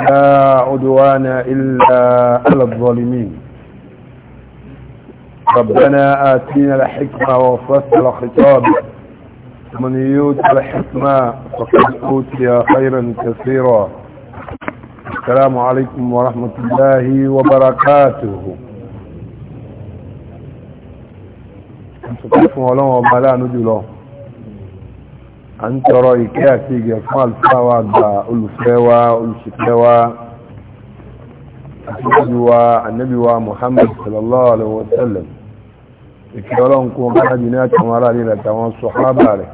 لا عدوان إلا على الظالمين ربنا آتينا الحكمة وفصل الخطاب من يوت الحكمة فقد أوتي خيرا كثيرا السلام عليكم ورحمة الله وبركاته سبحانه وتعالى نجي له a ń tọrọ ìkẹ́ àti ìgẹ̀ fún àlùfáwà gba olùfẹ́wà olùsìfẹ́wà àtúnjúwa annabiwa muhammad sallallahu alaihi wasallam ìkẹ́ ọlọ́run kún bá jù ní àtàwọn ará rí àtàwọn sọ̀hábà rẹ̀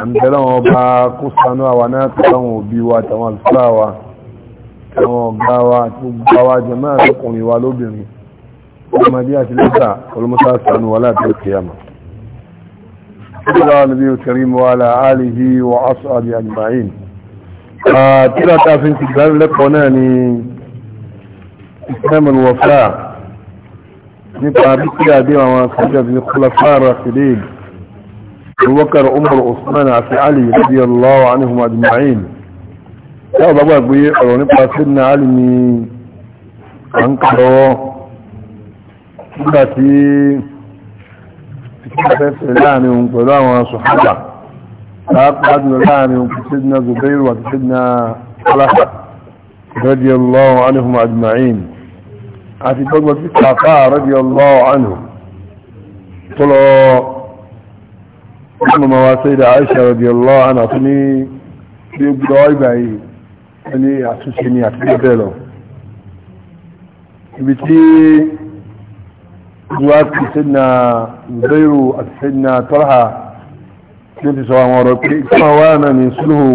àmìtẹ́lẹ̀ wọn bá kó sanú àwa náà tàwọn òbí wa àtàwọn àlùfáwà àwọn ọ̀gá wa àti gbogbo صلى النبي الكريم وعلى آله وأصحابه أجمعين ترى آه، تعرفين تكلم لك هناني إسلام الوفاء نبقى بكرة دي ما سجد من الخلفاء الراشدين وكر أمر عثمان عفي علي رضي الله عنهم أجمعين يا بابا بي ونبقى سيدنا علي من أنقره حبيث إلهاني ونقلان ونصحابا زبير وكسدنا خلاحة رضي الله عنهم أجمعين عفي قدوة التعقاء رضي الله عنهم طلعوا أم عائشة رضي الله عنها ìwádìí sẹ́nà ìbẹ̀rù àti sẹ́nà tọ́lá tí ó ti sọ àwọn ọ̀rọ̀ pé ìtọ́nà wà náà ní sùlùhù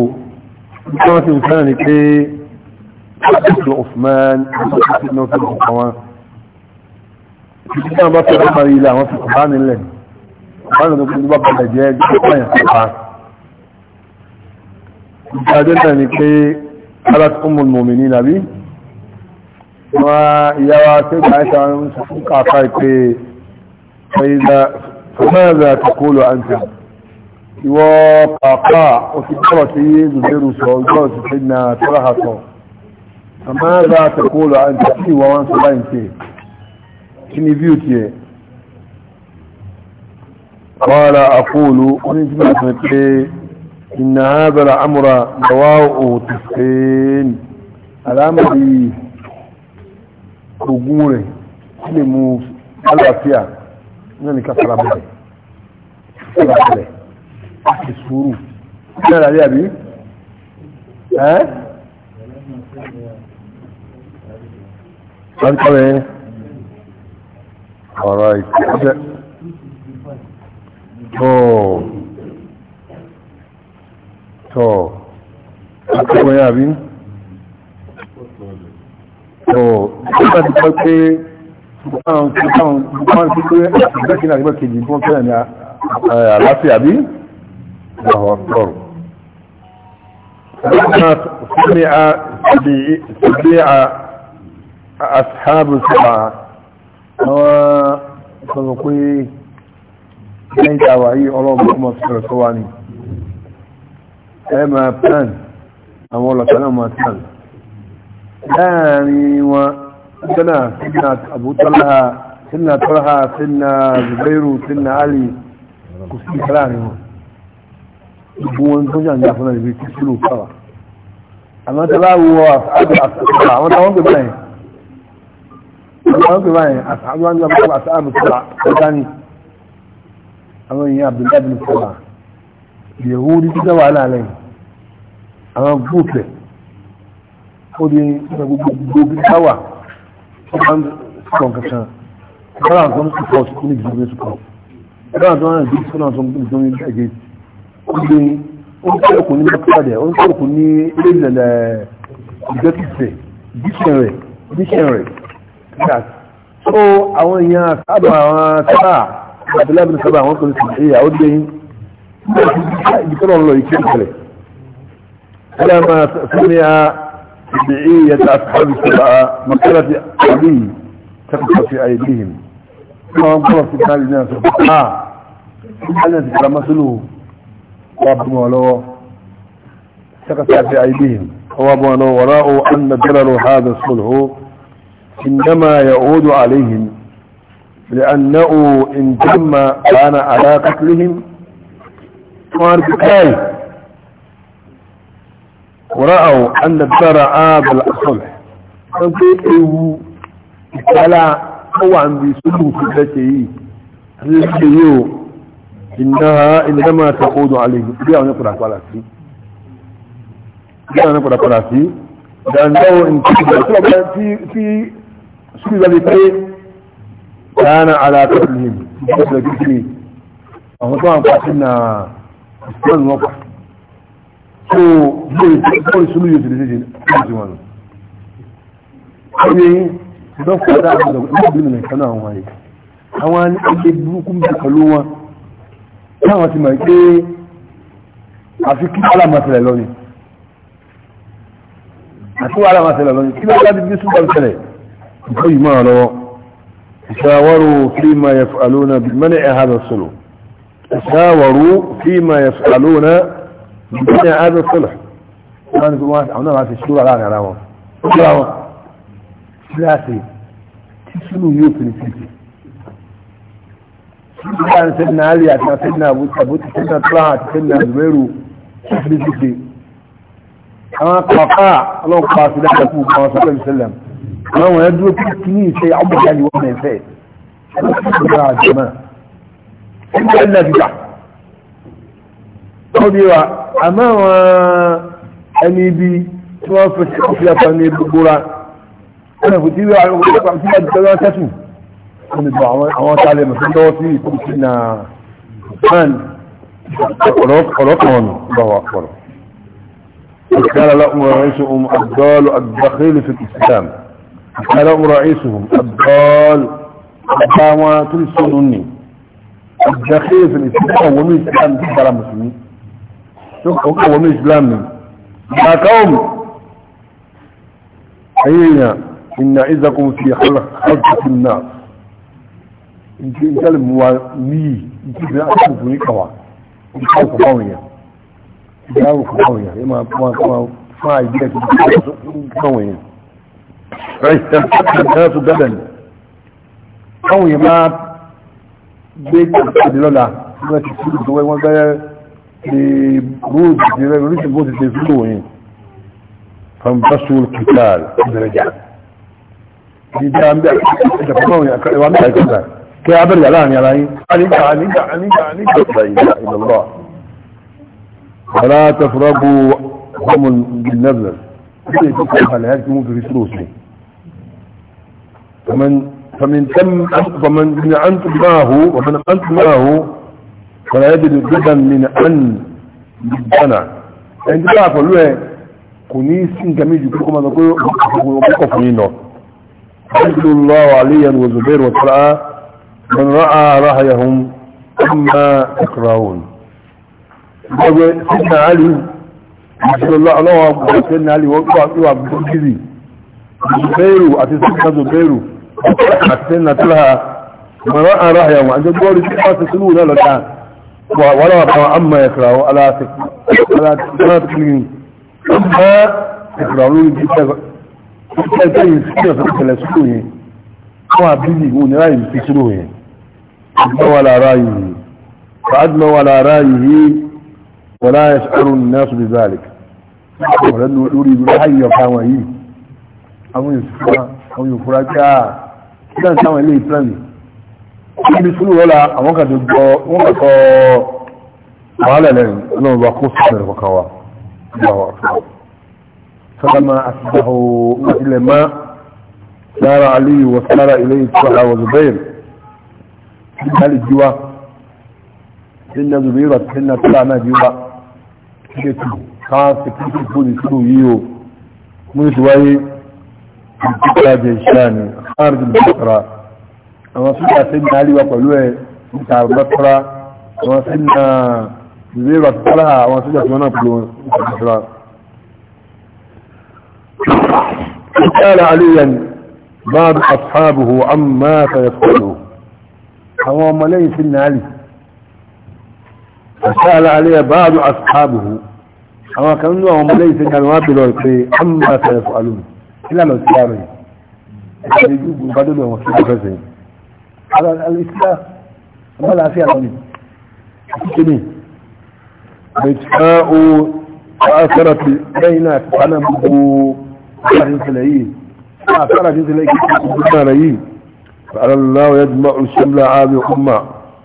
ìtọ́nà sì ń fẹ́ràn ní pé ìtọ́nà Usman ìtọ́nà sì náà fẹ́ràn ọ̀pọ̀ wọn ìtọ́nà bá fẹ́ràn ọ̀pọ̀ ilé àwọn fi kọ̀ọ̀bá nílẹ̀ ọ̀pá nílẹ̀ tó bá bàbà jẹ́ ìtọ́nà kọ̀ọ̀bá ìtọ́nà náà ní pé alákùnmọ̀ mọ̀mí ní wọn ìyáwá tí ó gbáyé sáré ń sàkókò àfá ìpé fẹ́lẹ́rẹ́ àtàkóòlò àǹtà ìwọ pàápà òfin tọ́rọ̀ tí zùbẹ́rù sọ ọjọ́ ti fi na tọ́rọ̀ sọ àmọ́rẹ́ àtàkóòlò àǹtà tí ìwọ wọn sọ láì pé ogun rẹ̀ lè mú àlàáfíà náà ní kàfàrà bẹ̀rẹ̀ kàfàrà bẹ̀rẹ̀ àti sùúrù náà rí àbí ẹ́ láńkàrẹ̀ ọ̀rọ̀ ìpínlẹ̀ tó tó akọ̀wé àbí ọ̀pọ̀ ti pẹ́ pé wọ́n ti pé ìgbẹ́kìnà àti ìgbẹ́kejì tó fẹ́ ní àlàáfíà bí ọ̀pọ̀ سمع سبيع أصحاب السبعة وصدقوا lẹ́yìn tí a wà yí ọlọ́gbọ̀n ọmọ sọ̀rọ̀ tó wà ní ẹ máa plan àwọn ọlọ́pàá náà máa plan láàrin wọn suna suna abu talha suna talha suna zubairu suna ali kò sí láàrin wọn gbogbo wọn tó jàǹdà fún ẹ̀rẹ́ tí sílò fáwà àmọ́ tó bá wọ àṣàbà àwọn táwọn pè báyìí àwọn pè báyìí àṣàbà ń gbà àṣàbà sọ̀rọ̀ ọ̀dá ni àwọn èèyàn abdullahi bin sọ̀rọ̀ yẹ̀wò ní títẹ́ wàhálà lẹ́yìn àwọn gúúpù ó di so àwọn èèyàn sábà àwọn sábà àbílábìlì sábà àwọn kan sì ṣe àwọn ọdún yìí ìgbẹ́kìsẹ̀ ìgbẹ́kìsẹ̀ lọ تبعية أصحاب السبعة مقالة أبي تقف في أيديهم وانقلت في كان الناس آه هل نذكر مثله وابن ولو تقف في أيديهم وابن ولو وراءوا أن جلل هذا الصلح إنما يعود عليهم لأنه إن تم كان على قتلهم كاي ورأوا أن الدرع بالأصلح فانتقوا فلا هو عن بيسلو سلته الذي إنها إنما تقود عليه بيع نقرأ قلاتي بيع نقرأ قلاتي لأنه انتقل في في سبيل ذلك كان على قتلهم مثل كثير أهو طبعا قاتلنا اسمان وقع kó bó ìṣúlù yóò ṣe lè ṣe ṣe wọn. Ọyẹ yín ìdán fọ́dá àwọn ìlú nìkan náà wọ́n yìí. Àwọn ilé burúkú bí pẹ̀lú wọn. Táwọn ti mọ̀ pé àfi kí alámọ̀tẹ̀lẹ̀ lọ ni. Àti wọ́n alámọ̀tẹ̀lẹ̀ lọ ni. Kí ló dá bí Jésù bá tẹ̀lẹ̀? yìí máa lọ́wọ́. Ìṣàwárò fíìmà yẹfàlónà bí mẹ́lẹ̀ ẹ̀hà lọ sọ̀rọ̀. Ìṣàwárò ní àádó sọ́lọ̀ wọ́n ni àwọn náà ti ṣúra láàrin ara wọn ṣúra wọn síláàsì tí súnú yóò fi ní títì sílá ní sẹ́dínà àlì àti sẹ́dínà àbútí sẹ́dínà tóra àti sẹ́dínà àzùmẹ́rù fi ní títì àwọn kọ̀ọ̀kọ́ ọlọ́pàá sí dáadáa fún ọmọ sọ́lọ̀ ìṣẹ̀lẹ̀ àwọn ọmọ yẹn dúró kí ní ìṣe ọmọdé ni wọ́n mẹ́fẹ́ ẹ̀ àmọ́ àwọn ẹni ibi tí wọ́n fi ṣe ọ̀pọ̀ ní gbogbo ọ̀nà kò tí wọ́n ti bá tẹ́tù nígbà àwọn tààlẹ̀ mọ̀ sí lọ́wọ́ sí ìkú sí na man ọ̀rọ̀ kan bá wà pọ̀rọ̀ قال لهم رئيسهم الضال الدخيل في الإسلام قال لهم رئيسهم الضال أقامة تلسلني الدخيل في الإسلام ومن الإسلام تبرى مسلمين ọkọ̀ wọnú islam ni ìgbàkáwọ̀mù ayéyà ìnà ìzàkùn fi halkatin náà nke ìtàlùmùwa níyì nke ìbí àkókò ní kàwà ìkàwò fún ìyàwó fún àwọn èèyàn ìmọ̀ àwọn àwọn fún àìjẹ́ ti fún àwọn èèyàn rẹ̀ ìtẹ́sù bẹ́bẹ̀ ni àwọn èèyàn máa gbé kàkàdé lọ́la wọ́n ti fún ìdówẹ́ wọ́n لروز ريش بوت تفلوين فانبسوا القتال درجة إذا عم بيعمل كذا كي عبر يعلان يعلان عليك عليك عليك عليك لا إله إلا الله ولا تفرقوا هم بالنبذل هل ممكن في فلوسي فمن فمن تم فمن أنتم معه ومن أنتم معه ولا يجد جدا من أن جدنا ẹni tí wọ́n pẹ̀lú ẹ kò ní sí nǹkan méjì kí kó máa lọ́kọ́ ọkọ̀ fún yín lọ رضي الله علي وزبير وطلعا من رأى رأيهم أما يكرهون gbogbo sínú àlì ìṣẹ́lọ́lá ọlọ́wọ́ sínú àlì wọ́n pàtó àbúkìrì zubairu àti sínú zubairu àti sínú àtúlà mọ̀rán àrà àyàwó àjọgbọ́rí tí wọ́n ti sínú náà lọ́ta ولا بقى أما يكرهوا ألا تكلمني أما يكرهوني جدا كيف يسكنوا في الثلاثوني هو بيجي هون رأي يسكنوه أدنى ولا رأيه فأدنى ولا رأيه ولا يشعر الناس بذلك ولأنه يريد الحي يقامه أو يسكنه أو يفرجه كده نتعمل ليه بلاني níbi sùúrù lọ́la àwọn kan ti gbọ́ wọ́n kàn kọ́ wàhálà lẹ́yìn ọlọ́run bá kó sọ̀rọ̀ kankan wa ìgbàwọ̀ sọ́dọ̀mà àtìgbàwò ilẹ̀ má lára aliyu wa sára ilé ìtura wa zubair ìgbàlì jíwá inna zubair àti inna tíra náà jíwá ṣe tù káà sí kí kí kú ní yìí o mú ìtìwáyé ìtìkọ́ àjẹ́ ìṣáà ní àárín ìbùkọ́ra àwọn sílẹ̀ sí ní àríwá pẹ̀lú ẹ̀ níta bẹ́tọ́ra àwọn sí ní ìwé ìrọ̀tọ́lá àwọn sílẹ̀ sí wọn náà pẹ̀lú wọn níta bẹ́tọ́ra. قال عليا بعض أصحابه عما سيفعله هو ملي سن علي فسأل عليه بعض أصحابه هو كانوا هم ملي سن الوابل والقري عما سيفعلون إلا لو سيارين يجب بدلهم في الفسين على الإسلام ما لا فيها العلم كمين بإجفاء وأثرت بينك أنا مبو أثرين سلعين أثرت سلعين فعلى الله يجمع الشمل عابي أمة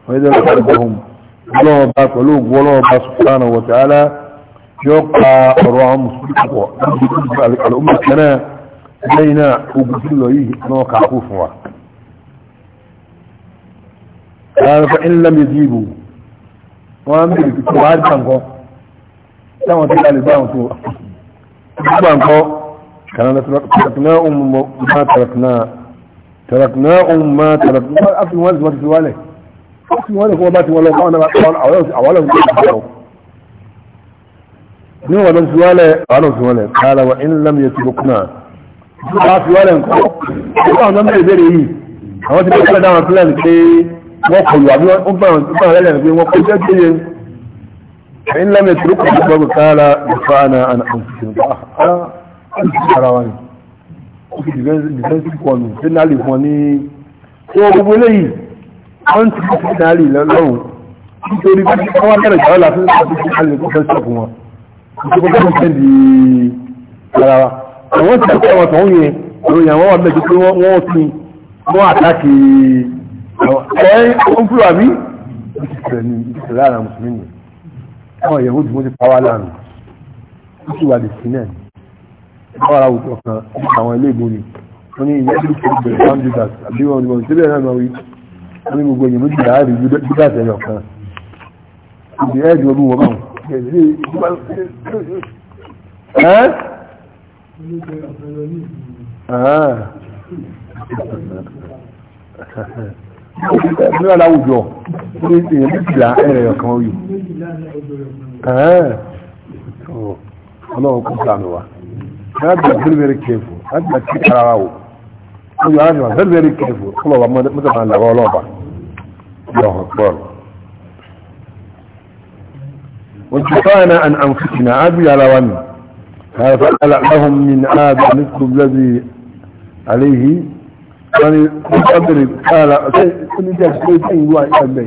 وإذا لحبهم الله بات ولوك والله بات سبحانه وتعالى يقع رعام سبحانه الأمة كنا بينا وبسل له يجي أنا قال فإن لم يجيبوا وأنا بيجي في الكوارث عنكم táwọn tí kálí báwọn tó gbogbo àǹkọ́ kanáà tàràkìná ohun máa tàràkìná tàràkìná ohun máa tàràkìná àfi wọ́n ti fi wálẹ̀ fi wálẹ̀ kó bá ti wọ́n lọ fáwọn àwọ́lọ̀ fi wálẹ̀ ní wọ́n fi wálẹ̀ àwọ́lọ̀ fi wálẹ̀ kára wa in lam yẹ ti lókùnà tí wọ́n fi wálẹ̀ nǹkan ó bá àwọn náà bẹ̀rẹ̀ yìí àwọn ti bẹ̀rẹ̀ dáwọn fúlẹ̀ ní wọ́n kọlu àbí wọ́n bá wọn lẹ́lẹ̀ ní pé wọ́n kọjá tó yẹ ẹ̀yìn lẹ́mẹ̀ tó kọ̀ tó gbọ́gbọ̀ káàlà ìfáànà ara wa ni ó fi defensive one ní penalty fún ní tó gbogbo eléyìí wọ́n ti fi penalty lọ́wọ́ nítorí bí wọ́n wá bẹ̀rẹ̀ ìjọba láti fi fi penalty fẹ́ sọ̀kù wọn kó tó kọ́ fẹ́ di ara wa àwọn ti fi ọmọ tó ń yẹ ìròyìn àwọn wà bẹ́ẹ̀ tó wọ́n ti wọ́n àtàkì ẹ̀yìn òǹkúrò àbí ìṣẹ̀lẹ̀ ní ìṣẹ̀lẹ̀ àrà mùsùlùmí ni àwọn ìyẹ̀wò tí wọ́n ti pàwọ́ lánàá ó sì wà lè sí náà wọ́n ara òtò kan àwọn ilé ìbò ni wọ́n ní ìyẹn tó ti bẹ̀rẹ̀ sam judas àbí wọn ni wọ́n ti bẹ̀rẹ̀ náà wí wọ́n ní gbogbo èèyàn méjì láàárí judas ẹ̀yọ̀ kan ìdí ẹ̀ẹ́dì ọdún wọn báwọn. Ah ní aláwùjọ ní èyàn méjìlá ẹ̀rẹ̀ ọ̀kan oyè ọlọ́run kún sàmì wa láti bá very very láti bá kí ara wò ó yọ ara very very careful ọlọ́ba mọ́tò máa lọ́wọ́ ọlọ́ba lọ́wọ́ wọ́n ni ọ̀bẹ̀rẹ̀ kára ọ̀sẹ̀ oníjẹ́ ìṣẹ́lẹ̀ tí ìlú àìsàgbẹ̀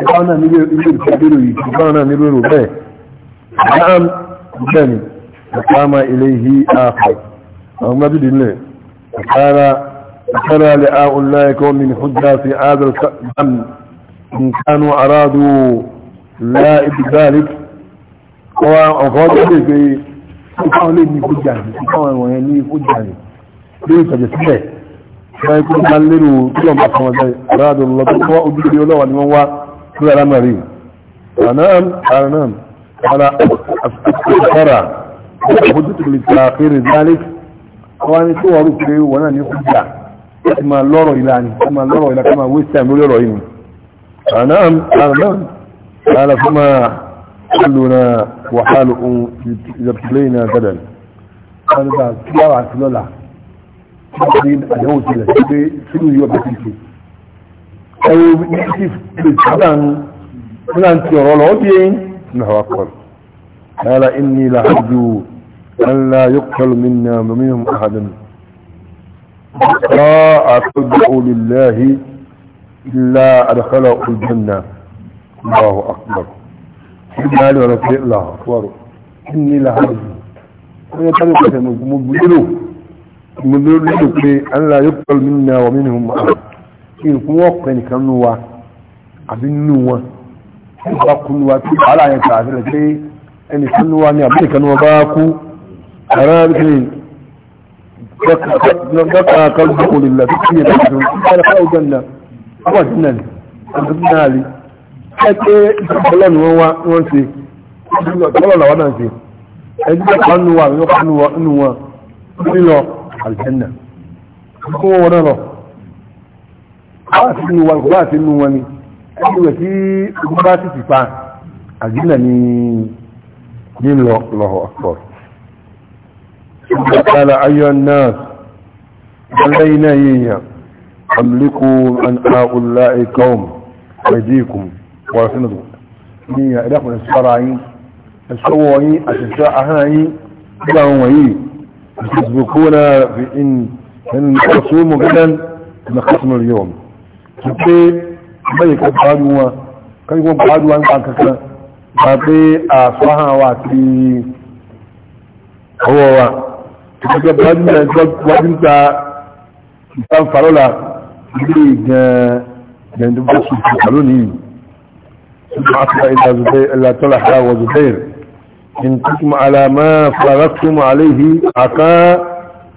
ẹ̀kọ́ náà nílé ilé ìṣẹ́lẹ̀ yìí ṣùgbọ́n náà nílé rò bẹ́ẹ̀ náà bẹ́ẹ̀ni ẹ̀káàmà ilé ìhí àpọ̀ àwọn mẹ́bìdì nílẹ̀ ẹ̀kára ẹ̀kára lè àwọn láìkọ́ mi hujjá sí adal kan nkánu aráàdù láìbí dáàlìk ọwọ́ ọ̀fọ́ tó lè gbé ìkáwọn lè ní hujjá ní ìkáwọn ìwọ̀nyẹn ní hujjá ní bí ìtọ̀jẹ̀ sílẹ̀ wọ́n kí wọ́n lérò tí wọ́n bá fọmọ sẹ́yìn ráàdù lọ́tọ́ wọ́n ojú ìdí ọlọ́wà ni wọ́n wá lórí alámàrí ànáàm ànáàm ara àfẹ́fẹ́ra àbójú tó lè ta fèrè dálík wọ́n ní tí wọ́n rò pé wọ́n náà ní kújà láti máa lọ́rọ̀ ìlà ni láti máa lọ́rọ̀ ìlà kí máa wéṣẹ̀ lórí ọ̀rọ̀ yìí ànáàm ànáàm ara fún máa kúlùnà wàhálù ohun ìdàpìlẹ́yìn náà gádàlì wọ́n ní قال اني لحجو ان لا يقتل منا ومنهم احدا لا اتدعو لله الا ادخله الجنة الله اكبر إني علي ورسول الله اكبر اني لحجو ويطلق مجلو mo lérò pé alára yóò pẹ̀lú mi nà wọ́n mi nì mọ́ kí n fún ọ̀pẹ nìkan nù wa àbí nù wọn kí n bá kú nù wa tí wàhálà yẹn kà á sílẹ̀ pé ẹnìkan nù wa ni àbí nìkan nù wa bá kú àwọn arábìnrin dọ́kà kálùkù lè lọ́tí kí ẹ̀rọ ìdùn ìpàdé fáwọ́jọ́ ìlà wà dínà ní ọdún náà rí ẹgbẹ́ ìpínlẹ̀ ni wọ́n wá wọ́n ṣe ọdún náà wọ́n náà ṣe ẹgbẹ́ kanú wa nínú wọn nílọ الجنة كما هو نظر قاتل نواني قاتل نواني أي وكي قاتل تفا الجنة ني الله أكبر قال أي الناس علينا هي أملكوا أن أقول لا قوم أجيكم ورسنتكم ني يا إلهكم السرعين السوعي أتساء هاي إلهكم وعيه تسبقونا في إن كان المقصوم غدا نقسم اليوم تبقي ملك كان كان يقول قادوا عن قاكك تبقي أصحها واتي هو هو تبقي بادنا يجب وانت كان فرولا تبقي جندب بسو تبقلوني ثم عصر إلى زبير إلا طلح وزبير انتكم على ما فرقتم عليه عقا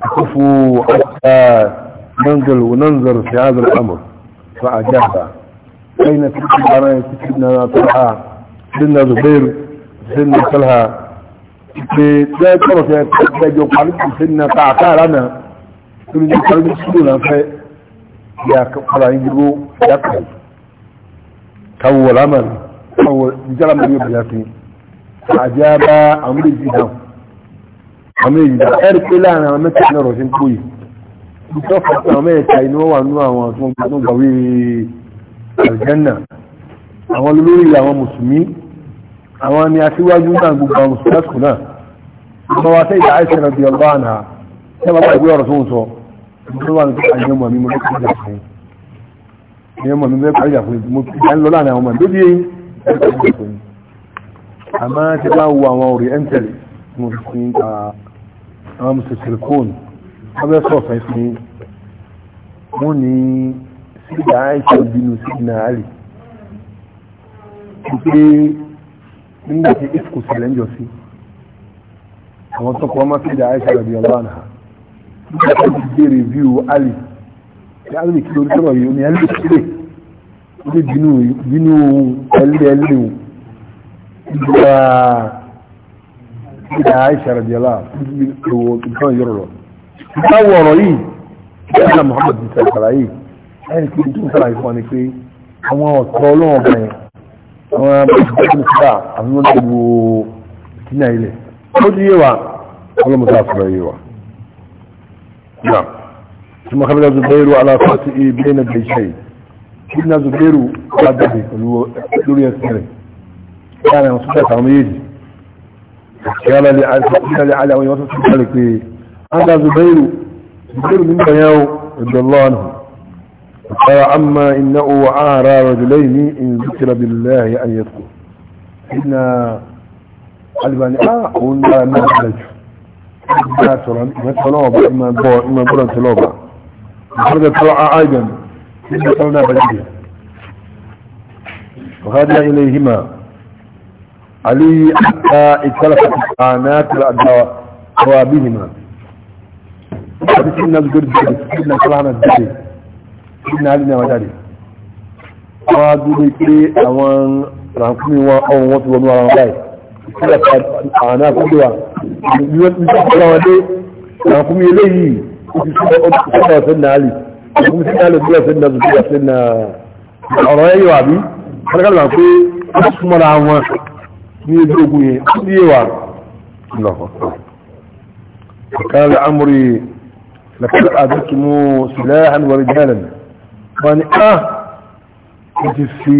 خفوا حتى ننزل وننظر في هذا الامر فاجاب اين تلك على سيدنا طلحه سيدنا زبير سيدنا طلحه في ترى يا تجو قالت سيدنا تعكار انا تريد قلب السنه في يا قال يجبو يا كول عمل اول جرم يبلاتي àjábá àwọn èjì dáhùn àwọn èjì dáhùn ẹ̀rì pé láàrin àwọn mẹ́ta náà rọ̀ sí ń pòyì ìtọ́ fún àwọn mẹ́ta inú wà nú àwọn tó ń gbọ́n gbàwé àlùjánnà àwọn olórí àwọn mùsùlùmí àwọn ni aṣíwájú náà gbogbo àwọn mùsùlùmí lásìkò náà ọmọ wa sẹ́yìn àìsàn rẹ̀ bí ọba àná ṣé bàbá ìwé ọ̀rọ̀ tó ń sọ ìgbésẹ̀ wà ní àmọ́ ti bá wo àwọn oriental mo fi fún yín ta àwọn mùsùlùmí abẹ́ sọ̀fẹ́ fún yín wọ́n ní sídà àìsà ìbínú sídìnà àlì pé nígbà tí ìsìnkú sílẹ̀ ń jọ sí àwọn tó kọ́ máa sídà àìsà ìbí ọlọ́run ha nígbà tó ti dé review àlì ní àlì kí lórí sọ̀rọ̀ yìí ó ní àlì kílè ó ní ìgbà àìṣà rẹ̀díọ́lá ìwò ìtàn yọrọ̀ lọ ìtàwọ̀ ọ̀rọ̀ yìí kí ẹ̀nà Muhammad ti sàkàrà yìí ẹni kí n tún sára yìí fún ọ ni pé àwọn ọ̀tọ̀ ọlọ́run ọ̀gá yẹn àwọn ìgbàgbọ́n sára àwọn ọ̀nà ìwò ìtìnyà ilẹ̀ كان مصدق عميدي قال لعلي قال لعلي وهي وصلت ذلك انا زبير زبير من بياو رضي الله عنه قال اما انه عار رجلين ان ذكر بالله ان يذكر ان الباني اه قلنا ما خرج ما ترى ما تلوبا ما بو ما بو تلوبا هذا طلع ايضا ان ترى بجد وهذا اليهما علي حتى اتلفت القانات وابهما حديث الناس قرد سيدنا صلاحنا الدري سيدنا علينا وداري قادوا لي اوان رحمكمي وان وطي ونوى رمضاي اتلفت القانات كلها رحمكمي لي سيدنا علي رحمكمي سيدنا علي سيدنا زكريا سيدنا العرايي وعبي انا قال لهم في اسمر عن واحد ní ojú ogun yẹn ó ní ìwà lọ́kọ̀ọ́kọ́ kàkàlà amúrí lẹ́kọ̀ọ́ àdókì mú sílẹ̀ àníwárí jẹ́lẹ̀ wọ́n ni á ó ti fi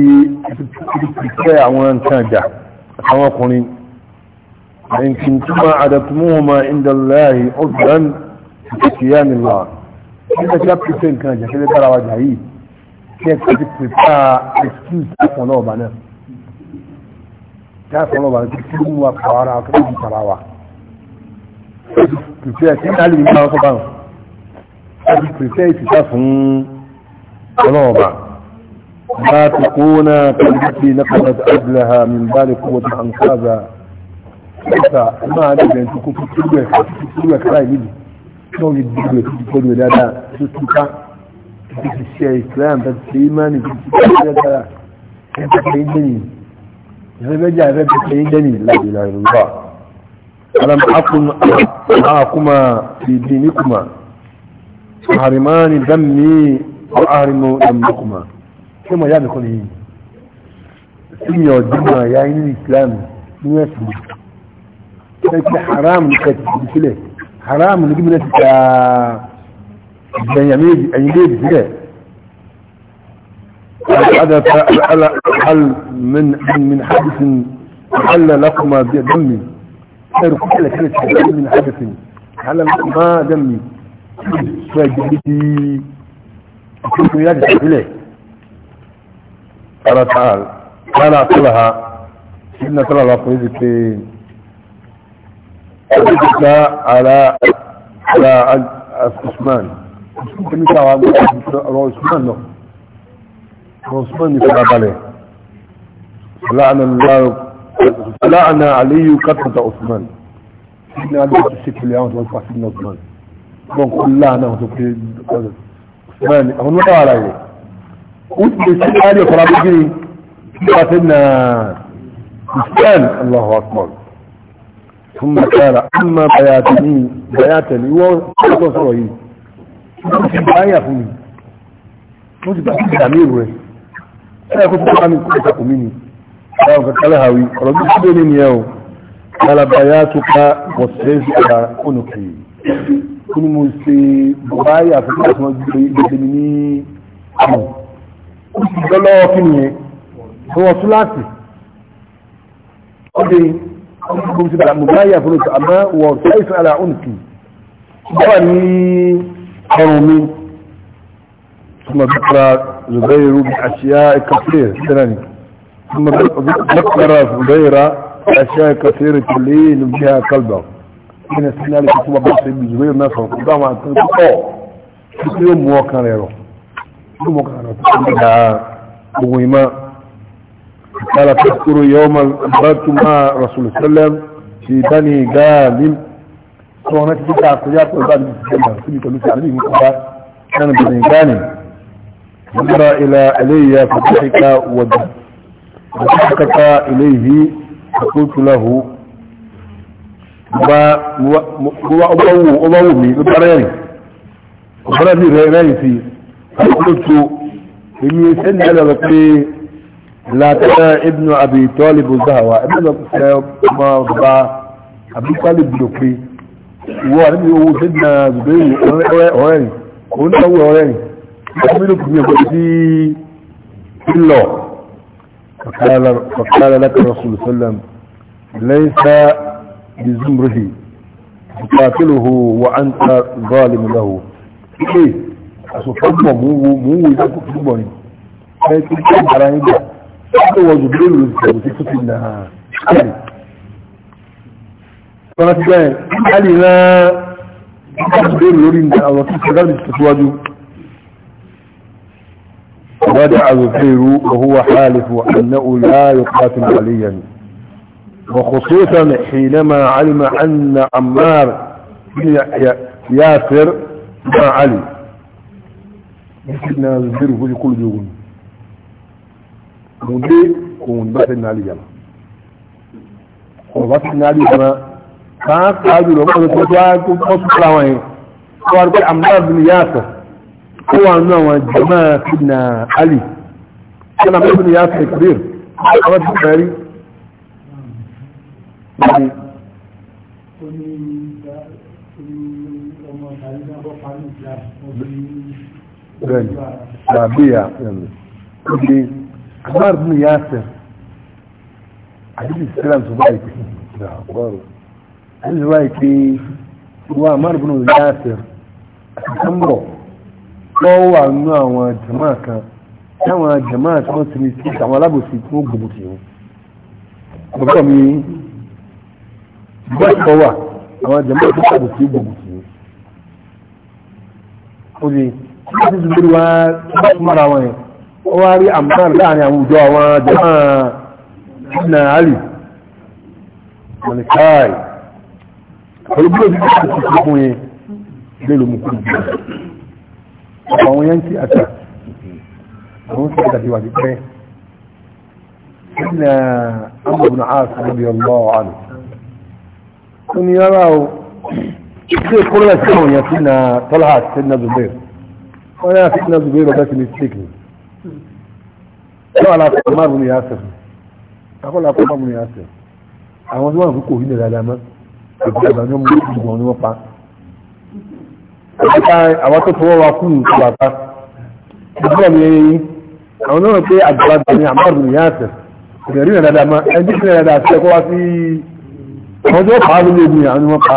ìpìtẹ́ àwọn nǹkan àjà àtàwọn ọkùnrin ẹ̀yìn kì í túmọ̀ àdàtúmọ̀ọ́mà ìdàláyé ọ̀gbọ́n ìkìyà nílá nígbà tí a pèsè nǹkan àjà kí lè bára wa jà yìí kí ẹ ti pèsè excuse fún ọlọ́ọ̀bà náà تعرف والله بعد كل مواد حوارة كل من تراوا كفاية كم على من تراوا طبعا كفاية تعرف والله بعد ما تكون كالتي نقلت قبلها من بال قوة أنقاذا كيف ما عليك أن تكون في كل وقت في كل وقت رأي لي شو يدبر في كل وقت هذا شو تبقى في الشيء الإسلام في الإيمان في الشيء هذا كيف تبقى ìfẹ́fẹ́jà ìfẹ́fẹ́ yí dẹ́nì lábìlà ìrùwà alam akuma fi dinikuma harimani dammi wa harimu dammakuma kí mo yá mi kọ́ nìyí sí mi ọ̀dí mà yá inú islam ní ẹ̀sìn ẹ̀sìn haram ní kẹtì ìdílé haram ní gímìnà ti ta ẹ̀yìn méjì sílẹ̀ al'adata al'ala هل من من حدث هل لكما دمي خير كل من حدث هل لكما دمي فجدي كنت يجري إليه قال تعال قال أقلها سيدنا ترى الله فيزك على على عثمان عثمان يتعامل عثمان عثمان عثمان عليه لعن الله لعن علي قتلة عثمان ابن علي في اليوم والفاس سيدنا عثمان من كل لعنة عثمان هو نقع عليه وتبي سك علي فرابيجي قاتلنا عثمان الله أكبر ثم قال أما بياتني بياتني هو صلى الله عليه وسلم mo ti gbàgbé ìdàmí ìrù rẹ̀ ẹ̀kọ́ tó kọ́ dáhùn kankan láhàwí ọ̀rọ̀ bí síbẹ̀ ní nìyẹn o kalaba ya tó ká wọ̀sẹ̀ẹ́sì ara kónù kì í kónù mo ṣe bọ̀báyà fún mi àti wọn gbé gbèdémi ní àmọ̀ ó sì lọ́lọ́wọ́ kí nìyẹn fún wọn mi àmọ́ wọ̀sẹ̀ẹ́sì ara kónù kì í bọ́wà ní ọrùn mi ثم ذكر زبير بأشياء كثير سنة ثم ذكر فضيرة أشياء كثيرة اللي نبيها قلبه من السنة اللي كتبه بحث ابن زبير نفسه قدام عن أوه كل يوم موكان يرو يوم موكان يرو مهمة قال تذكر يوم البرد مع رسول الله صلى الله عليه وسلم في بني غالب وانا كنت اعطيات والبعد بسجلها كنت عليه مقبار كان بني غالب نظر الى علي فضحك ودفع فسكت إليه فقلت له وأبوه أبوه بطريري وبرني رأيني فيه فقلت إني سن على بكي لا ترى ابن أبي طالب الزهوة ابن ما ضبع أبي طالب بلوكي وأنا هو سيدنا زبير هوراني وأنت هو هوراني أقول لكم يا بلدي الله فقال, فقال لك الرسول صلى الله عليه وسلم ليس بزمره تقاتله وأنت ظالم له إيه أسفهم مو مو إذا كتبني لكن كبر عندك هو جبريل وتفتنا علي فأنا تقول علي لا جبريل يريد أن الله تتغلب تتواجه ودع زهير وهو حالف أنه لا يقاتل عليا وخصوصا حينما علم أن عمار بن ياسر مع علي سيدنا زهير هو كل يقول مدي كون بس علي يلا وبس علي يلا كان قادر وقال لك يا كنت أصبح لهم وقال عمار بن ياسر هو أنه جماعة ابن علي انا ابن ياسر كبير أرد بخاري يعني بن ربيع يعني عمار بن ياسر عجيب السلام سبايك لا أخباره هل سبايك هو عمار بن ياسر أتكمره wọ́n wà nínú àwọn jàmáà kan táwọn jàmáà tí wọ́n ti ní sí àwọn alábòsí tí wọ́n gbogbo sí wọn. bàbá mi bẹ́ẹ̀ kọ́ wà àwọn jàmáà tí wọ́n gbogbo sí gbogbo sí wọn. ó di wọ́n ti tún lórí wa wọ́n tún mọ́ra wọn yẹn ó wá rí àmúhàn láàrin àwọn òjò àwọn jàmáà ìnà àlì mọ̀nìkáì olùgbòdì tó ti fi fún yẹn lè lòmùkú jù àwọn yanki àtà àwọn sí ìdàdíwà ní pẹ́ sínà amúbùn àásù níbi ọlọ́wọ́ àlù tó ní yára o ṣe kúrò sí àwọn yẹn sínà tọ́lá àti sínà zubair wọ́n ah, yára sínà zubair ọ̀dọ́ sí ní stíkì lọ́wọ́ aláàfẹ́ ọmọdé ní yásẹ̀ akọ́lá ọmọdé ní yásẹ̀ àwọn tí wọ́n fi kò rí nílẹ̀ àdámọ́ ìgbàgbà ní ọmọ ìgbọ̀n ni wọ́n pa àtàkà àwọn tó tọwọ́ wa fún ìtàbàtà ìgbọ́n mi yẹn àwọn náà pé àgbàlagbà ni àmọ́rù ní yáàtì ìrẹ̀rí rẹ̀ dáadáa máa ẹni tí rẹ̀ dáadáa sí ẹkọ́ wá sí àwọn tó pa á lórí ẹni àwọn wọn pa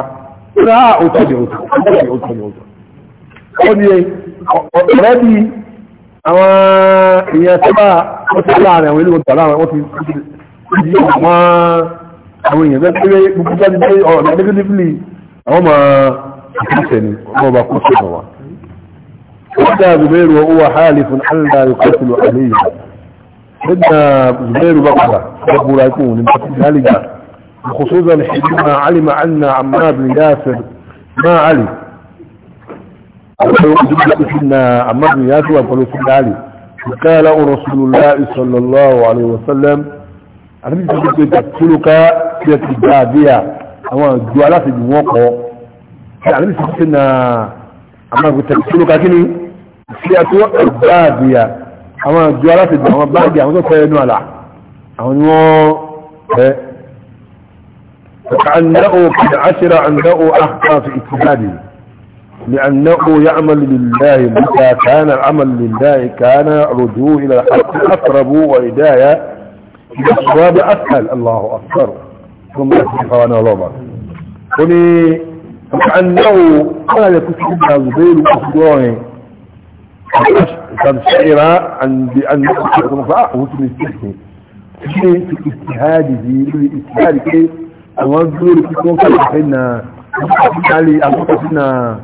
rà òtò ní òtò òtò ní òtò ní òtò. ó ní ọ̀rẹ́ bí àwọn èèyàn tó bá wọ́n ti láàrin àwọn eléwọ̀n tàbí àwọn ti di àwọn àwọn èèyàn bẹ́ẹ̀ pé gbogbo حسن وما زبير وهو حالف ألا يقتل عليه بدنا زبير بقرة رب لا يكون ذلك خصوصا حينما علم أن عماد بن ياسر ما علم سيدنا عماد بن ياسر وقالوا سيدنا علي قال رسول الله صلى الله عليه وسلم أنا أن تقتلك في الجادية أما جوالات الموقع يعني مش كنا أما قلت تبسلوك كاكني في اتوقع البادية اما الجوالات اما البادية اما ذوك ينوع لها اما نوع إيه. فكأنه قد عشر أنه في اجتهاده لأنه يعمل لله متى كان العمل لله كان رجوع إلى الحق أقرب وإداية إلى الصواب أسهل الله أكبر ثم أسهل فوانا الله أكبر وكأنه قال كتب زبير أسبوعين تبشعر عن بأن رفعه في الاستهدي في اجتهاده للاجتهاد الوزير في كون كنا علي أنفسنا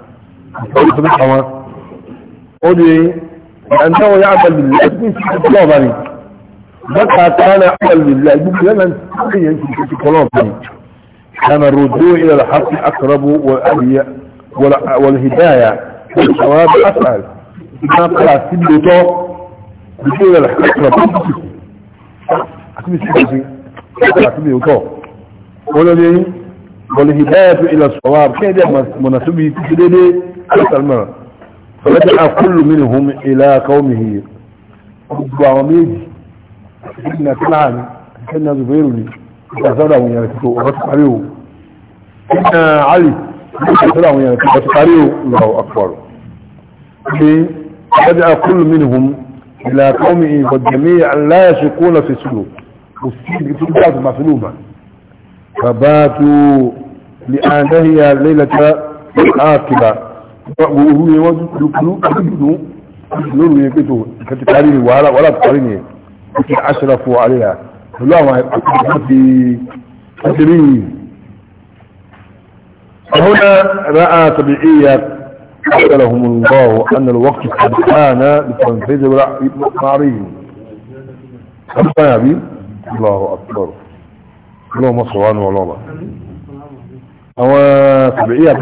سبحانه قولي لأنه يعمل بالله من الله ظني متى كان يعمل بالله يقول لنا أنت تقيم في كلامي كان الرجوع إلى الحق أقرب وأبيع والهداية والثواب أسهل ما قرأ سبته رجوع إلى الحق أقرب والهداية إلى الصواب كده مناسبه تجديده أسهل مرة فرجع كل منهم إلى قومه أبو عميد إن كان عامل فرعون يا نتيجو وغطف عليه إن علي فرعون يا نتيجو وغطف عليه الله أكبر فدع كل منهم إلى قومه والجميع لا يشكون في سلوك والسيد يقول بعض مفلومة فباتوا لأن هي الليلة الآكلة وهو يوجد لكلو نور يكتو كتكاريني ولا تكاريني كتك أشرفوا عليها الله يبقى فهنا رأى طبيعية قال لهم الله أن الوقت سبحانه لتنفيذ ورأي معريه أبقى يا أبي الله أكبر الله مصران وعلى الله هو طبيعية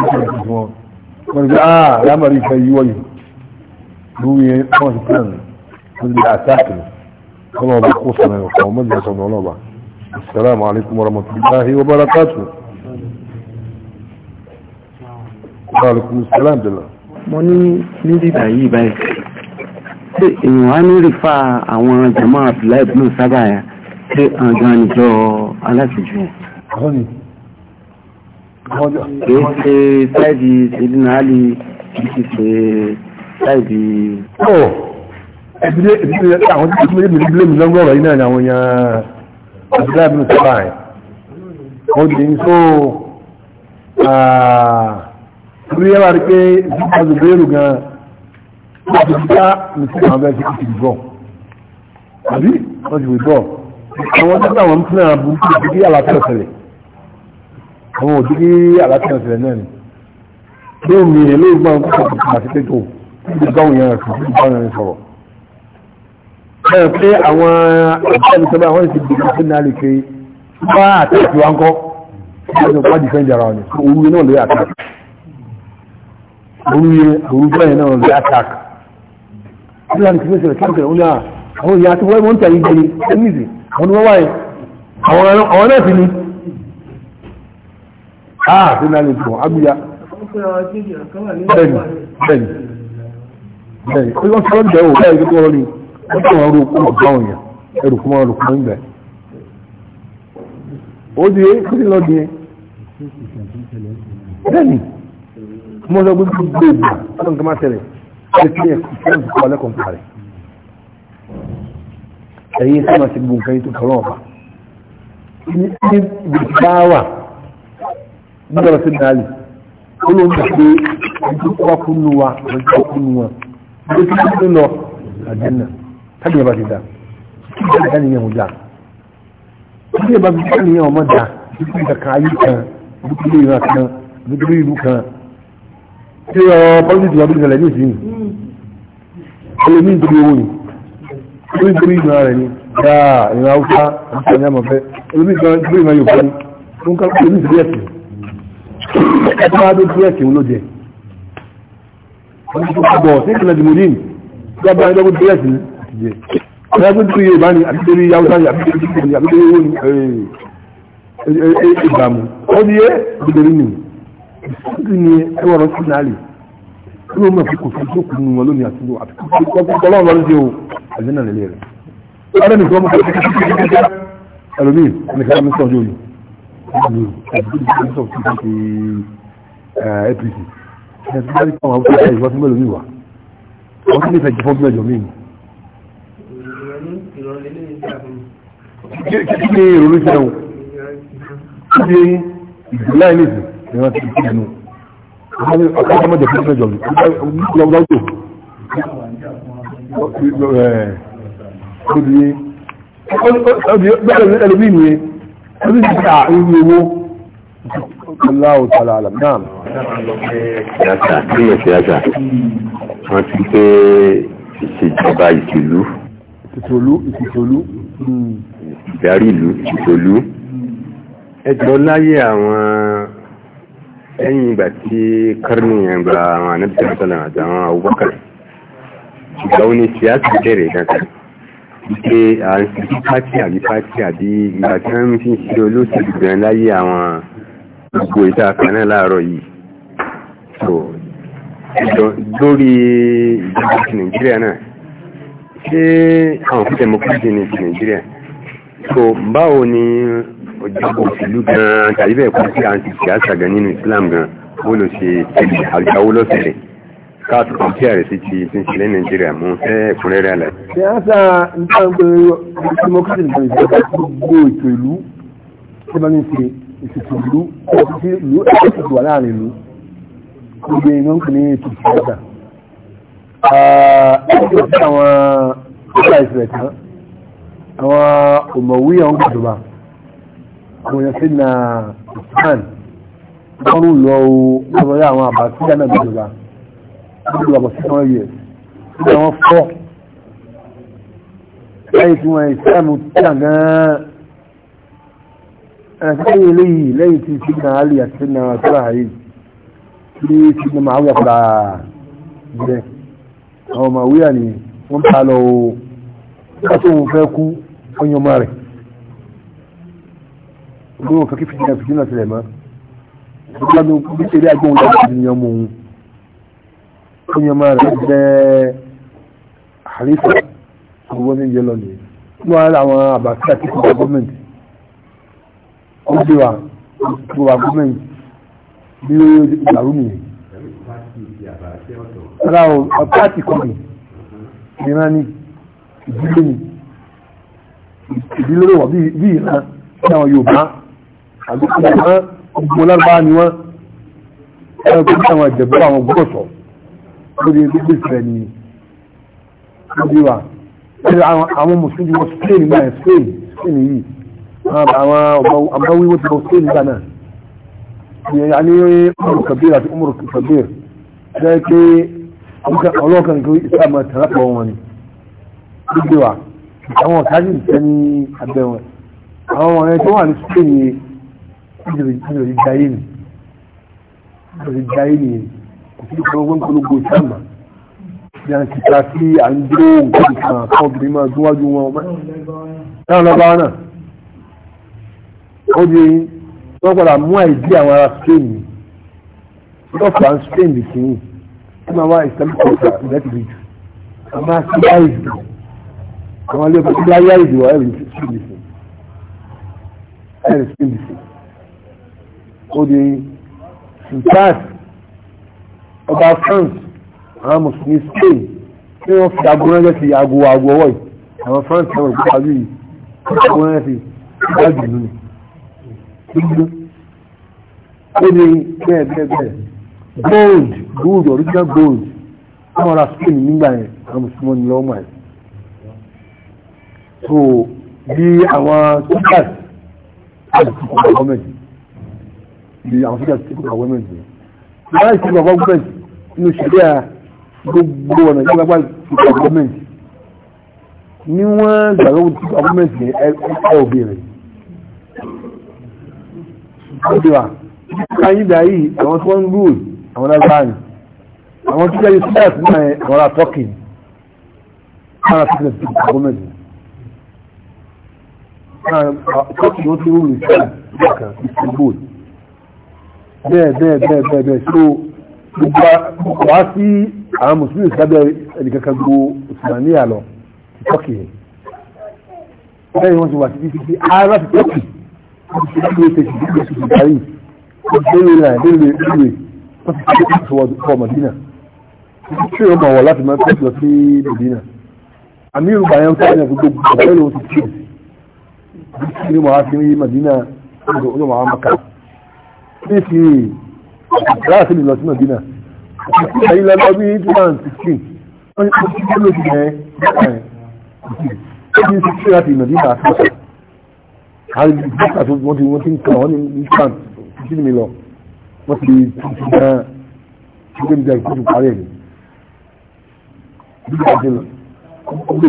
من جاء يا مريكا يوي هو يتوى سبحانه من جاء كما بقوصنا يقوم مجلسا ونوبا السلام عليكم ورحمة الله وبركاته وعليكم السلام جل mo ní níbíbà yìí báyìí pé èèyàn á ní rífà àwọn jama abdullahi ibn sábà yà pé àgbà níjọ aláṣẹjù yẹn kìí ṣe sáìdì sílínà alì kìí ṣe sáìdì oh! ẹbílẹ̀ ìbílẹ̀ àwọn tí ó mú ìbílẹ̀ mi lọ́gbọ̀rọ̀ iná ni àwọn èèyàn àbúrà bí mo ti bá ẹ̀ wọ́n di ní so orí ẹwà rí pé ìjọba zubairu gan wọ́n ti bá mi sí àwọn abẹ́rẹ́ sí ti bọ̀ àbí wọ́n ti bọ̀ àwọn tó dáwọn fún àwọn burúkú òdìgí àlàáfíà ọ̀sẹ̀lẹ̀ àwọn òdìgí àlàáfíà ọ̀sẹ̀lẹ̀ náà ni lóòmìnir lóògbọ́n kọ́kọ́ àti pẹ́tò ìgbàwòyàn bẹ́ẹ̀ pé àwọn ìṣẹ́lùsọ́lá wọ́n ti dìbò sí náà lè pé bá àtàkì wá ń kọ́ láti ọ̀pá dìfẹ́ǹdì ara ọ̀nà orú náà lè àtàkì orú yẹn orú bẹ́ẹ̀ náà lè àtàkì ìlànà tí ó ṣẹlẹ̀ kẹ́kẹ́ òun náà àwọn ìyá àti wọ́n ń tẹ̀lé ìgbèrè ẹ̀mìsì àwọn ọmọ wáyé àwọn náà sì ni àà ah, sí náà lè tún agbúyá bẹ́ẹ̀ni bẹ́ẹ̀ni bẹ́ẹ̀ni ó yọ wọ́n tí wọ́n rúkú ọ̀gbọ́n yẹn ẹrùkú mọ́ ọrùkú ń bẹ̀ ó di kí ni lọ́dí yẹn bẹ́ẹ̀ni mo sọ gbogbo gbogbo ọdún kan máa tẹ̀lé ṣe kí yẹn kí yẹn kọ́ lẹ́kọ̀ọ́ nípa rẹ̀ ẹ̀yìn tí wọ́n ti gbogbo nǹkan yìí tó kọ́ lọ́wọ́ ní ibi bá wà nígbàrá sí dàálì ó ló ń bẹ̀ pé ẹni tó kọ́ kúnnú wa ẹni tó kọ́ wa ó ti kúnnú lọ káàdì yẹn bá ti dà káàdì yẹn ò dà káàdì yẹn bá ti káàdì yẹn ọmọ dà nítorí kankan ayé kan nítorí ìran kan nítorí ìlú kan tí ọ pọ́lítì wà bí ìrẹ̀lẹ̀ ní ìsìn ẹlòmí nítorí owó ni ẹlòmí nítorí ìran rẹ̀ ni dáa ìran haúsá àti ìran amọ̀fẹ́ ẹlòmí nítorí ìran yorùbá ni ó ń ká ẹlòmí nítorí ẹ̀sìn ẹ̀sìn máa dókú ẹ̀sìn ló jẹ wọ́n ti tó kọ́ bọ̀ sí ìkìlẹ̀ dìmọ̀dín tí a bá ń dọ́gbọ́n dókú ẹ̀sìn jẹ ọ̀rẹ́ pé nítorí yorùbá ni àbí torí yáwúsá ni àbí torí yorùbá ni àbí torí owó ni eh, eh, eh, ìgbàmù ó ní yé ìgbèrè ni ìsìnkú ni ẹwọ̀rọ̀ náà lè kí ló mọ̀ fún kò tó kù nù wọn lónìí àti lò àti kò kọ́ lọ́wọ́ lọ́dún jẹ́ o àjẹ́ náà lélẹ̀ rẹ̀ ọ̀rẹ́ nìkan mọ̀ fún mi sọ̀rọ̀ yìí APC ẹ̀sìn bá rí kọ́ àwọn àwùjọ ìwọ́sí mẹ́lòmíì wà wọ́n tún ní ìfẹ̀jì fọ́gbẹ́jọ míì kí ni ìrònú ṣe ẹ̀wọ̀n kí ni ìgbìláì ní ìsìn ni wọ́n ti fi ẹnu ọ̀kadà mọ́jọ fún ẹjọ́ lọ́wọ́dọ́ Odi bẹ́ẹ̀ ni ẹlòmíì ni ẹni ti ta irú owó Allahu ta'ala alam náà. Yàtà kí ni ẹ̀sẹ̀ yàtà? Wọ́n ti pé ìṣèjọba ìṣèlú. Ìṣèlú ìṣèlú ìdarí ìlú ìṣòlú ẹjọ́ láyé àwọn ẹ̀yìn ìgbà tí kárínì yẹn gba àwọn anábìsẹ́ sọ́nà àti àwọn Abubakar ìgbà ó ní síyásì bẹ̀rẹ̀ kankan wípé à ń fi pátì àbí pátì àbí ìgbà tí wọ́n fi ń ṣe olóṣèlú gan láyé àwọn gbogbo ìta kan náà láàárọ̀ yìí so lórí ìjọba ti Nàìjíríà náà ṣé àwọn fún democracy ti Nàìjíríà so báwo ni ọjọ́bọ̀ òṣèlú gan-an tàbí bẹ́ẹ̀ kú sí àǹtí síáṣà gan nínú Islam gan bó ló ṣe tẹ̀lé àgbáwó lọ́sẹ̀rẹ̀ káàtó kọ̀m̀píà rẹ̀ sí ti ìpínlẹ̀ Nàìjíríà mú fẹ́ ẹ̀kúnrẹ́rẹ́ alẹ́. síáṣà ń bá ń gbé democracy nìkan ìjọba gbogbo ètò ìlú tó bá ń ṣe ìṣètò ìlú ọ̀sẹ̀ ìlú ẹ̀kọ́ ti wà láàrin ìlú gbogbo ìlú ń pè ní ètò síáṣà. ẹ̀kọ́ sí àwọn ọ̀gá ìṣẹ̀lẹ̀ kan àwọn ọmọwé àwọn gbàdùbà àwọn èèyàn sí na ìsìnkán wọ́n ń lọ ọmọdé àwọn àbá sí ghana gbàdùbà wọ́n ń lọ àbọ̀ sí wọn yẹ sí àwọn fọ́ láyé tí wọ́n ìsìnkán tí à gan-an ẹ̀sìn eléyìí lẹ́yìn tí sí na alì àti na sọ́ra àyè tí sí na màá wọ̀pọ̀lá jẹ àwọn ọmọwé àní wọ́n ń lọ o wọ́n tó ń fẹ́ kú ọyàn ọmọ rẹ̀ olówó kan kí fìdí náà fìdí náà sílẹ̀ mọ́ ìgbà mi bí eré agbóhùn láti fìdí ní ọmọ òun ọyàn ọmọ rẹ̀ jẹ́ àríṣà àwọn ní yẹlọ ni wọ́n á àwọn àbàkí àti ìgbà gọ́ọ̀mẹ̀ntì ó gbé wa ìgbà gọ́ọ̀mẹ̀ntì bí ó dàrú nìyẹn ara ọ̀ pàtì kọ́ni ìran ni ìdílé ni ìdílé wà bí ìran ní àwọn Yorùbá àgbẹ̀kọ̀ wọn gbogbo lárúbá ni wọn ẹ̀rọ tó ní àwọn ìjẹ̀bú àwọn gbọ́sọ̀ lórí ẹgbẹ́ ìṣẹ̀lẹ̀ ni lórí wa àwọn mùsùlùmí wọn Spain náà ẹ̀ Spain Spain yìí àwọn àbáwí wọn ti lọ Spain nígbà náà ìyẹn ní Umar Kabir àti Umar Kabir jẹ́ pé ọlọ́kan kí Islam tẹ̀lé pọ̀ wọn ni lórí àwọn ọ̀tájì ìfẹ́ ní abẹ́wọ̀n àwọn ọmọ ẹni tó wà ní spain yìí ìjọba ìjáyé ni ìjọba ìjáyé ni bí a ti ta sí à ń dúró nǹkan kan fún obìnrin máa dúnwájú wọn ọmọ náà lọ́ba náà ó di wọ́n padà mú àìdí àwọn ará spain ni wọ́n fà ń spain bìkínì tí wọ́n wá ìsẹ́lẹ̀ kọ̀ọ̀tà ìdẹ́tìbìjù àmọ́ àti báyìí àwọn ilé ìfọwọ́sí láyé àìdìwọ ẹ̀rì síbìsì ẹ̀rì síbìsì ó di sultan ọba France àwọn mùsùlùmí Spain tí wọ́n fi aago ránṣẹ́ sí aago aago ọwọ́ yìí àwọn France ẹ̀rọ ìgbà yìí aago ránṣẹ́ sí ìgbàgbé ìlú ni ó di bẹ́ẹ̀ bẹ́ẹ̀ bẹ́ẹ̀ gold gold original gold àwọn ará Spain nígbà yẹn àwọn mùsùlùmí ni so bí àwọn sukas àti ìkọ̀kọ̀ gọ́ọ̀mẹ̀ntì bí àwọn sukas ti kọ̀kọ̀ gọ́ọ̀mẹ̀ntì láì sí ìkọ̀kọ̀ gọ́ọ̀mẹ̀ntì nínú ìṣẹ̀lẹ̀ gbogbo ọ̀nà ìjọba gbà ìkọ̀kọ̀ gọ́ọ̀mẹ̀ntì ni wọ́n gbàgbọ́ ìkọ̀kọ̀ gọ́ọ̀mẹ̀ntì ẹ̀ obìnrin ọdíwà káyídà yìí àwọn tó ń rúùl àwọn lágbàáyì àwọn tó jẹ́ yìí sílẹ̀ fún àwọn ará tọ́kì ara sílẹ̀ sí gọ́ọ̀mẹ̀ntì kọ́ọ̀tù ló ti rúlù sí àkàn istanbul bẹ́ẹ̀ bẹ́ẹ̀ bẹ́ẹ̀ bẹ́ẹ̀ bẹ́ẹ̀ so gbogbo wá sí àwọn mùsùlùmí sábẹ́ ẹnìkankan gbo ìsìlámíà lọ ti tọ́kì yẹn lẹ́yìn wọ́n ti wà títí títí ara ti tọ́kì wọ́n ti tọ́kì lóṣèlú ìdílé oṣù tó parí wọ́n ti tẹ́lẹ̀ náà lélẹ̀ lélẹ̀ wọ́n ti tẹ́lẹ̀ oṣù wọ Madina tí yóò mọ̀ wọ̀ láti máa tẹ́lẹ̀ lọ sí Madina àmì Yorùbá yẹn ń tẹ́lẹ̀ gbogbo ìgbà ní mọ̀ áfí ní Madina ọdọ̀ olóòwò àwọn maka ní fi láti lè lọ sí Madina àti ayé lọ́lọ́ bí 2016 wọ́n ni ó ti kí ló ti rẹ̀ ẹ̀ ó ti ti kí láti Madina àti ọ̀sẹ̀ àwọn ìgbésà tó wọ́n ti wọ́n ti ń kọ́ wọ́n ni ní sàn sí mi lọ wọ́n ti tún ti dá ṣúgbé nígbà ìkójú parí ẹ̀ bí wọ́n ti lọ ọgbẹ́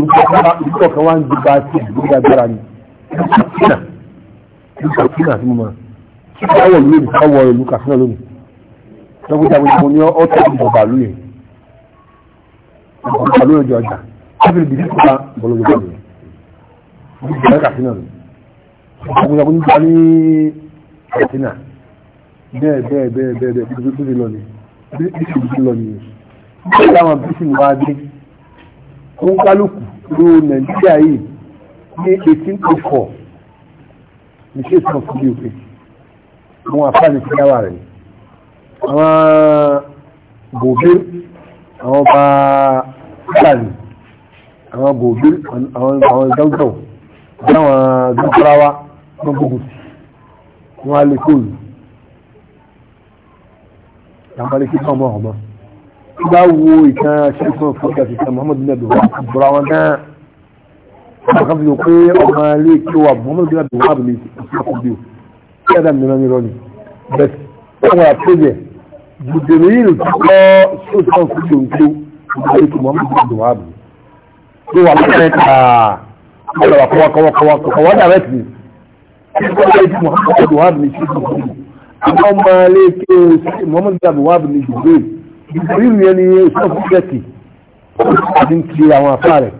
ìgbésà kan wá ń gbé bá ti ìgbésà gbára ni katsina ìlú katsina sí mọ́ káwọ̀ lónìí káwọ̀ ìlú katsina lónìí lọ́gbọ́dá wọn ni ó tẹ̀lé ìjọba lóye ìjọba lóye jọ ọjà kábìrì bìí nípa bọ́lọ́gbọ́dá lóye ìjọba katsina lóye ìjọba wọn nípa ní katsina bẹ́ẹ̀ bẹ́ẹ̀ bẹ́ẹ̀ bẹ́ẹ̀ bẹ́ẹ̀ bí bí lọ ni bí bí lọ ni bí àwọn bí sì wá dé ó ń kálukú ló Nàìjíríà yìí ní 1804 ní ṣe sọ fún bí òfin mú àfáàní sí yáwà rẹ̀ àwọn gòbí àwọn ọba fúlàní àwọn gòbí àwọn ìdáwùdáwù láwọn gbọ́gbọ́ráwá wọ́n gbogbo sí wọ́n á lè kóòlù àwọn alẹ́kí fún ọmọ ọmọ tí bá wo ìtàn ṣe fún ọ̀fọ́ ìgbà tí sàn Muhammadu nabi wà á bọ̀rọ̀ àwọn náà kan fi pé ọmọ ilé kí wà bọ́ọ̀lù bí wàá wà bìlì ìṣàkóso kí ẹ̀dá mi náà ní lọ́nì bẹ́ẹ̀ wọ́n wà péjẹ gbùdèrè yìí kọ́ sóòtọ́ fúdùn tó gbùdèrè tó mọ́mọ́ bí wàá bìlì tó wà lọ́sẹ̀ káà ọ̀rọ̀ kọ̀wọ́kọ̀wọ́ dàrẹ́tì Muhammadu Wahab ni ṣíkú fún àwọn ọmọ aléèké Muhammadu Wahab ni ṣùgbọ́n ìgbòrí ìrìn ẹni ṣọ́fún jẹ́kì ọdún kiri àwọn afá rẹ̀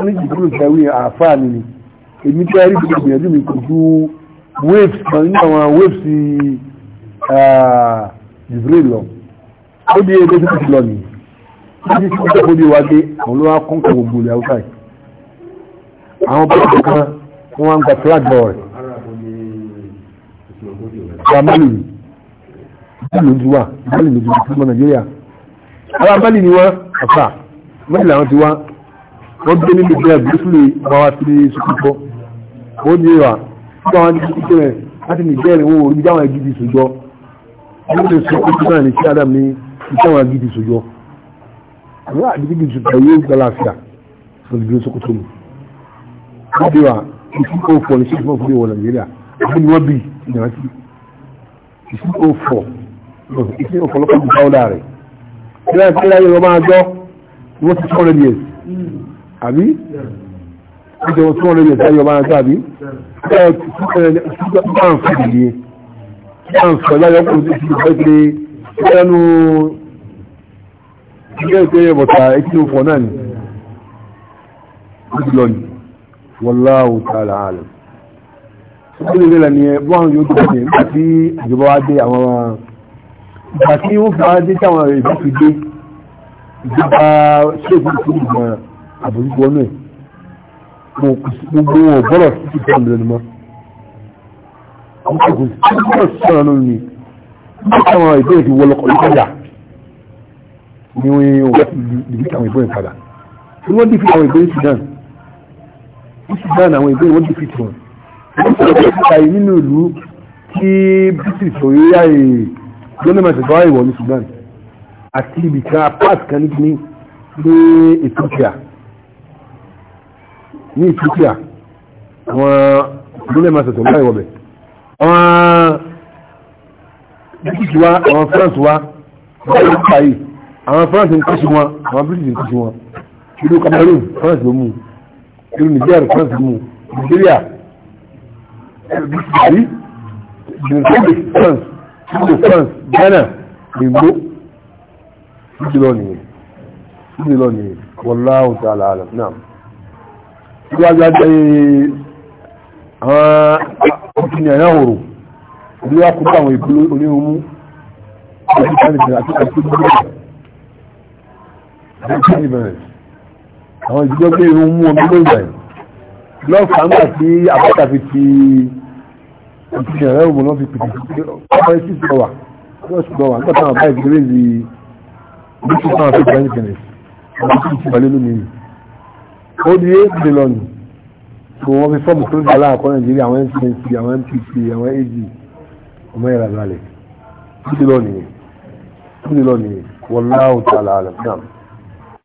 oníjìbìrì ìtẹ̀wé àáfàá ni ni èmi tẹ́ rí gbogbo ìgbìyànjú mi kò ju waves kan nínú àwọn waves jìbìrì lọ ó di ebe tó ti lọ nìyí títí tí wọ́n tó di wá dé àwọn ló wá kún kò gbogbo ilẹ̀ haúsá yìí àwọn bọ́ọ̀lù kan wọ́n wá ń gba flag boy? wa mali ni mali ni wa mali ni wa nàìjíríà ara mali ni wa àfà mali làwọn ti wá wọ́n gbé nílùú bẹ́ẹ̀ bírísìlì bá wá sí sùkúkọ́ ó ní ìwà nígbà wọn ní sùkúkọ́ rẹ̀ láti ní bẹ́ẹ̀ ni wọ́n orí dáwọn agídí sùjọ́ wọ́n lè sọ pé kíkọ́ ní kí adam ní ìtàwọn agídí sùjọ́ àwọn agídí sùjọ́ yóò gba láàfíà lórí ìlú sọ́kọ́tọ́ mi wọ́n bí wa ìsìnkú ọ̀fọ̀ ní sí ìfọ̀fọ̀ ìwọ̀ nàìjíríà àbí ni wọ́n bí ìdàrántí ìsìnkú ọ̀fọ̀ ìsìnkú ọ̀fọ̀ lọ́kọ̀ ìgbà àbí ìjọba tí wọ́n lè yẹ̀ sáyọ̀ máa tàbí ilé ìpé bọ̀tà ẹkí òfò oh náà ni ìjọ ni wallahu ta'ala alam ìjọba ìrẹ́lẹ̀ ni wọ́n yóò tó ṣe nígbà tí ìjọba wá dé àwọn ìgbà tí wọ́n fi wá dé táwọn ẹ̀rẹ́ ìjọba ṣe fún ìgbà àbójútó ọ̀nà ẹ̀ gbogbo wọn bọ́lọ̀ sí ti fún ọ̀nà mọ́ àwọn kò sí bọ́lọ̀ sí ọ̀nà ní àwọn ìbéèrè ti wọlọ́kọ̀ ní padà ni wọ́n yẹn wọ́n ti dìbí àwọn ìbéèrè padà tí wọ́n dìbí àwọn ìbéèrè Sudan ní Sudan àwọn ìbéèrè wọ́n dìbí tiwọn wọ́n ti lọ́kọ̀ sí ayé nínú ìlú tí British sọ̀rọ̀ yá èè lọ́nà ìwọ̀ ní Sudan àti ibìkan apá kan ní ní Ethiopia ní ethiopia àwọn ìpínlẹ̀ máa ṣẹ̀tọ̀ láì wọ̀bẹ̀ àwọn british wa àwọn france wa wọ́n ń pa yìí àwọn france ń kọ́sí wọn àwọn british ń kọ́sí wọn ìlú cameroon france ló mú ìlú niger france ló mú nigeria eh, british republic france ìlú france ghana gbìngbó ìdílọ́ nìyẹn ìdílọ́ nìyẹn wallahu ta'ala alam náà ìwájáde àwọn òkìní ẹ̀yàn òrò ìlú àkúgbà àwọn ìpínlẹ̀ onírúurú àwọn ìdíjọ́ pé irun mú omi ló ìgbà lọ́fà ń gbà sí àpáta fi ti ìpínlẹ̀ ẹ̀rọ òmùnà fi pìtì ọmọ ẹ̀sì sọ̀wà lọ́sì sọ̀wà nígbà táwọn báyìí fi rézi ní 2015 ọmọ ìpínlẹ̀ ìpínlẹ̀ lónìí ó di eight billion kò wọ́n fi fọ́ọ̀mù tó gbà láàkọ́ nàìjíríà àwọn ncnc àwọn npp àwọn ag ọmọ ìrànlọ́lẹ̀ two billion nìyẹn two billion nìyẹn wallahu ta'ala alam